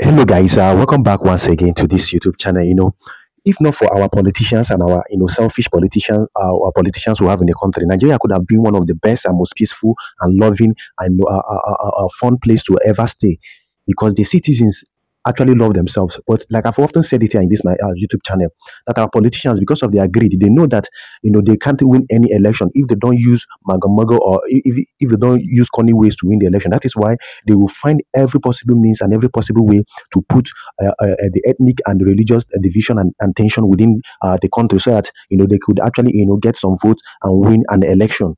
hello guys uh, welcome back once again to this youtube channel you know if not for our politicians and our you know selfish politicians uh, our politicians we have in the country nigeria could have been one of the best and most peaceful and loving and a uh uh, uh, uh, uh fun place to ever stay because the citizens actually love themselves. But like I've often said it here in this my uh, YouTube channel, that our politicians, because of their greed, they know that you know they can't win any election if they don't use magamago or if, if they don't use corny ways to win the election. That is why they will find every possible means and every possible way to put uh, uh, uh the ethnic and religious uh, division and, and tension within uh, the country, so that you know they could actually you know get some votes and win an election.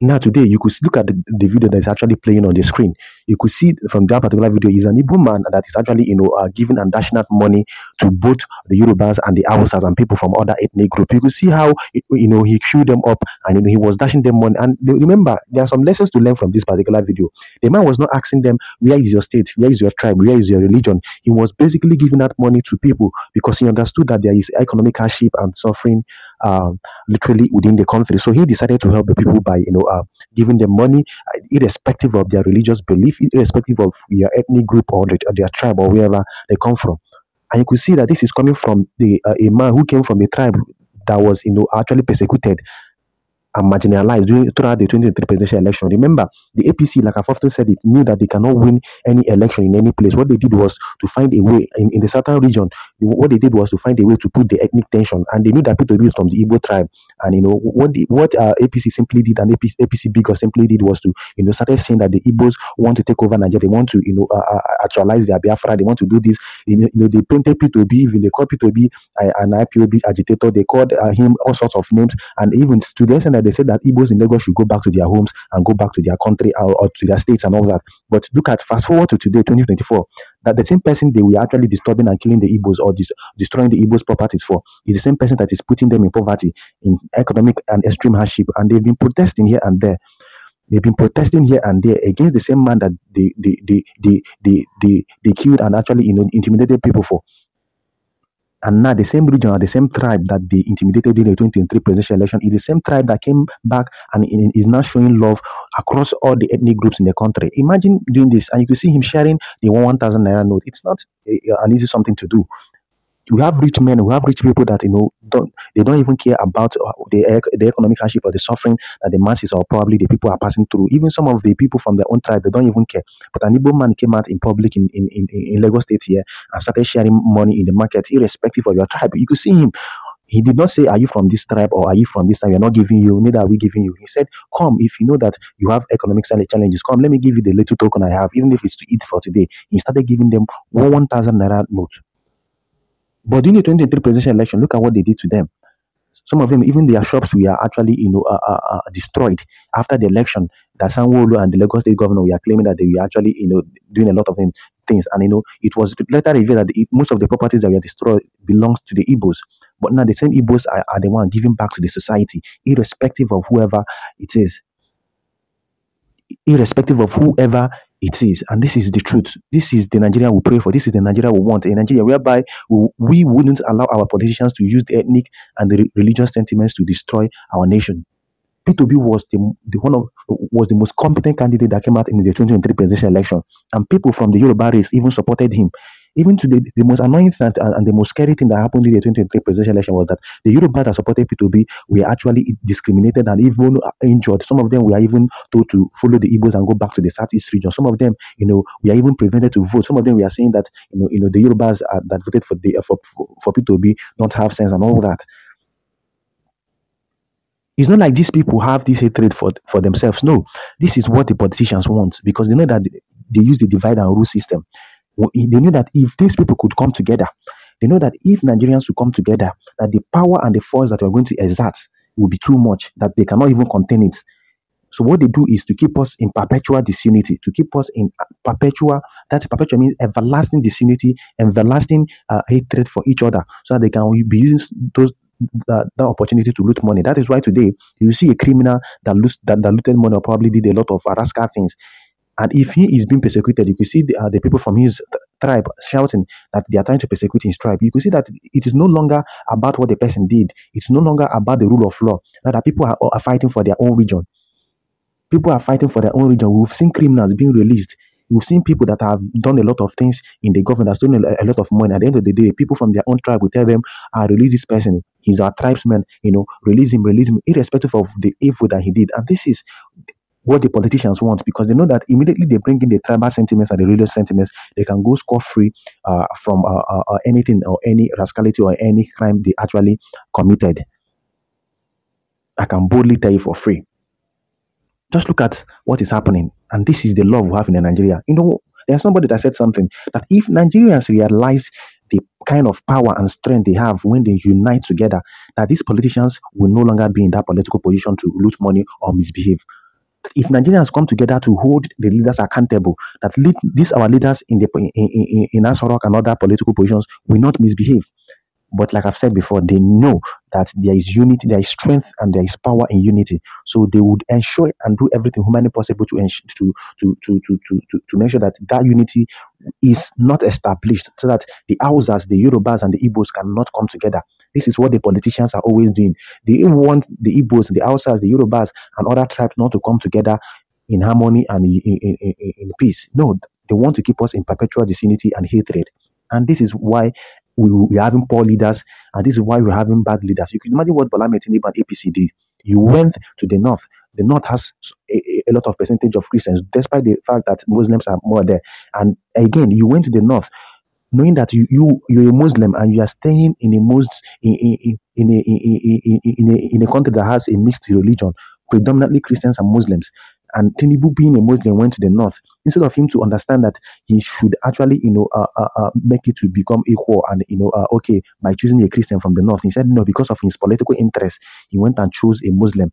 Now today, you could look at the, the video that is actually playing on the screen. You could see from that particular video is an Igbo man that is actually, you know, uh, giving and dashing out money to both the Yorubas and the Hausas and people from other ethnic group. You could see how, you know, he queued them up and, you know, he was dashing them money. And remember, there are some lessons to learn from this particular video. The man was not asking them, where is your state? Where is your tribe? Where is your religion? He was basically giving out money to people because he understood that there is economic hardship and suffering um, literally within the country. So he decided to help the people by you know uh, giving them money, uh, irrespective of their religious belief, irrespective of their ethnic group or their tribe or wherever they come from. And you could see that this is coming from the uh, a man who came from a tribe that was you know actually persecuted and marginalized during, throughout the 2023 presidential election. Remember, the APC, like I've often said, it knew that they cannot win any election in any place. What they did was to find a way in, in the southern region. What they did was to find a way to put the ethnic tension, and they knew that Peter is from the Igbo tribe. And you know what the, what uh, APC simply did, and APC, APC bigger simply did was to you know started saying that the Igbos want to take over Nigeria. They want to you know uh, uh, uh actualize their Biafra. They want to do this. You know, they painted P2B, even they called P2B uh, an IPOB agitator. They called uh, him all sorts of names, and even students the that they said that Igbos in Lagos should go back to their homes and go back to their country or, uh, or to their states and all that. But look at fast forward to today, 2024, that the same person they were actually disturbing and killing the Igbos or dis- destroying the Igbos' properties for is the same person that is putting them in poverty, in economic and extreme hardship. And they've been protesting here and there. They've been protesting here and there against the same man that they they, they, they, they, they, they killed and actually you know, intimidated people for and now the same region or the same tribe that they intimidated in the 2023 presidential election is the same tribe that came back and is now showing love across all the ethnic groups in the country. Imagine doing this, and you can see him sharing the 1,000 naira note. It's not eh, eh, an easy something to do we have rich men, we have rich people that you know don't they don't even care about uh, the the economic hardship or the suffering that the masses or probably the people are passing through. Even some of the people from their own tribe, they don't even care. But an Igbo man came out in public in in in, in Lagos State here and started sharing money in the market, irrespective of your tribe. You could see him. He did not say, Are you from this tribe or are you from this tribe? We're not giving you, neither are we giving you. He said, Come, if you know that you have economic challenges, come, let me give you the little token I have, even if it's to eat for today. He started giving them 1,000 naira note but during the 2023 presidential election, look at what they did to them. Some of them, even their shops were actually, you know, uh, uh, uh, destroyed after the election. That sanwo and the Lagos State Governor were claiming that they were actually, you know, doing a lot of things. And you know, it was later revealed that it, most of the properties that were destroyed belongs to the Igbos. But now the same Igbos are, are the one giving back to the society, irrespective of whoever it is irrespective of whoever it is. And this is the truth. This is the Nigeria we pray for. This is the Nigeria we want. A Nigeria whereby we wouldn't allow our politicians to use the ethnic and the religious sentiments to destroy our nation. P2B was the, the one of was the most competent candidate that came out in the 2023 presidential election, and people from the Yoruba race even supported him. Even today, the most annoying thing and, and the most scary thing that happened in the 2023 presidential election was that the Yoruba that supported P2B were actually discriminated and even injured. Some of them were even told to follow the Igbos and go back to the southeast region. Some of them, you know, we are even prevented to vote. Some of them we are saying that, you know, you know, the Yorubas uh, that voted for the uh, for, for P2B don't have sense and all that it's not like these people have this hatred for for themselves. No, this is what the politicians want because they know that they, they use the divide and rule system they knew that if these people could come together, they know that if Nigerians would come together, that the power and the force that we're going to exert will be too much, that they cannot even contain it. So what they do is to keep us in perpetual disunity, to keep us in perpetual, that perpetual means everlasting disunity, everlasting uh, hatred for each other, so that they can be using those that, that opportunity to loot money. That is why today you see a criminal that loot that, that looted money or probably did a lot of rascal things. And if he is being persecuted, you could see the, uh, the people from his tribe shouting that they are trying to persecute his tribe. You could see that it is no longer about what the person did. It's no longer about the rule of law. Now that people are, uh, are fighting for their own region. People are fighting for their own region. We've seen criminals being released. We've seen people that have done a lot of things in the government, that's stolen a lot of money. At the end of the day, people from their own tribe will tell them, I ah, release this person. He's our tribesman, you know, release him, release him, irrespective of the evil that he did. And this is what the politicians want because they know that immediately they bring in the tribal sentiments and the religious sentiments, they can go score free uh, from uh, uh, uh, anything or any rascality or any crime they actually committed. I can boldly tell you for free. Just look at what is happening, and this is the love we have in Nigeria. You know, there's somebody that said something that if Nigerians realize the kind of power and strength they have when they unite together, that these politicians will no longer be in that political position to loot money or misbehave if Nigerians come together to hold the leaders accountable, that lead, these our leaders in the in, in, in Asorok and other political positions will not misbehave. But like I've said before, they know that there is unity, there is strength, and there is power in unity. So they would ensure and do everything humanly possible to to, to, to, to, to, to, to make sure that that unity is not established so that the Hausas, the Yorubas, and the Igbos cannot come together. This is what the politicians are always doing. They want the Igbos, the Hausas, the Yorubas, and other tribes not to come together in harmony and in, in, in, in peace. No, they want to keep us in perpetual disunity and hatred. And this is why we, we are having poor leaders, and this is why we're having bad leaders. You can imagine what Bola Metinib and APC did. You went to the north. The north has a, a lot of percentage of Christians, despite the fact that Muslims are more there. And again, you went to the north knowing that you, you you're a Muslim and you are staying in a most in, in, in, in, in, in, a, in a country that has a mixed religion, predominantly Christians and Muslims, and Tinubu being a Muslim went to the north instead of him to understand that he should actually you know uh, uh, uh, make it to become equal and you know uh, okay by choosing a Christian from the north he said no because of his political interest he went and chose a Muslim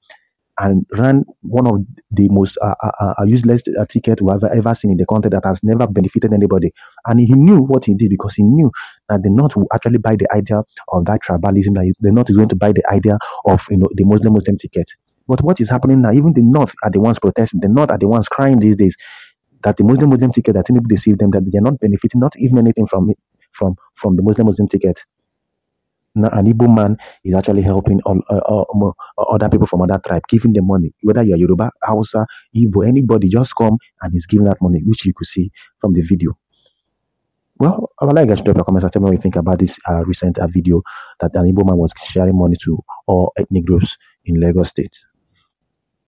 and ran one of the most uh, uh, uh, uh useless uh, ticket we have ever seen in the country that has never benefited anybody. And he knew what he did because he knew that the North will actually buy the idea of that tribalism. That the North is going to buy the idea of you know the Muslim Muslim ticket. But what is happening now, even the North are the ones protesting, the North are the ones crying these days that the Muslim Muslim ticket that Tinubu deceived them, that they're not benefiting, not even anything from it, from from the Muslim Muslim ticket. Now, an Igbo man is actually helping all, uh, uh, um, uh other people from other tribe, giving them money. Whether you're Yoruba, Hausa, Igbo, anybody, just come and he's giving that money, which you could see from the video. Well, I would like you to drop your comments and tell me what you think about this uh, recent uh, video that an Igbo man was sharing money to all ethnic groups in Lagos State.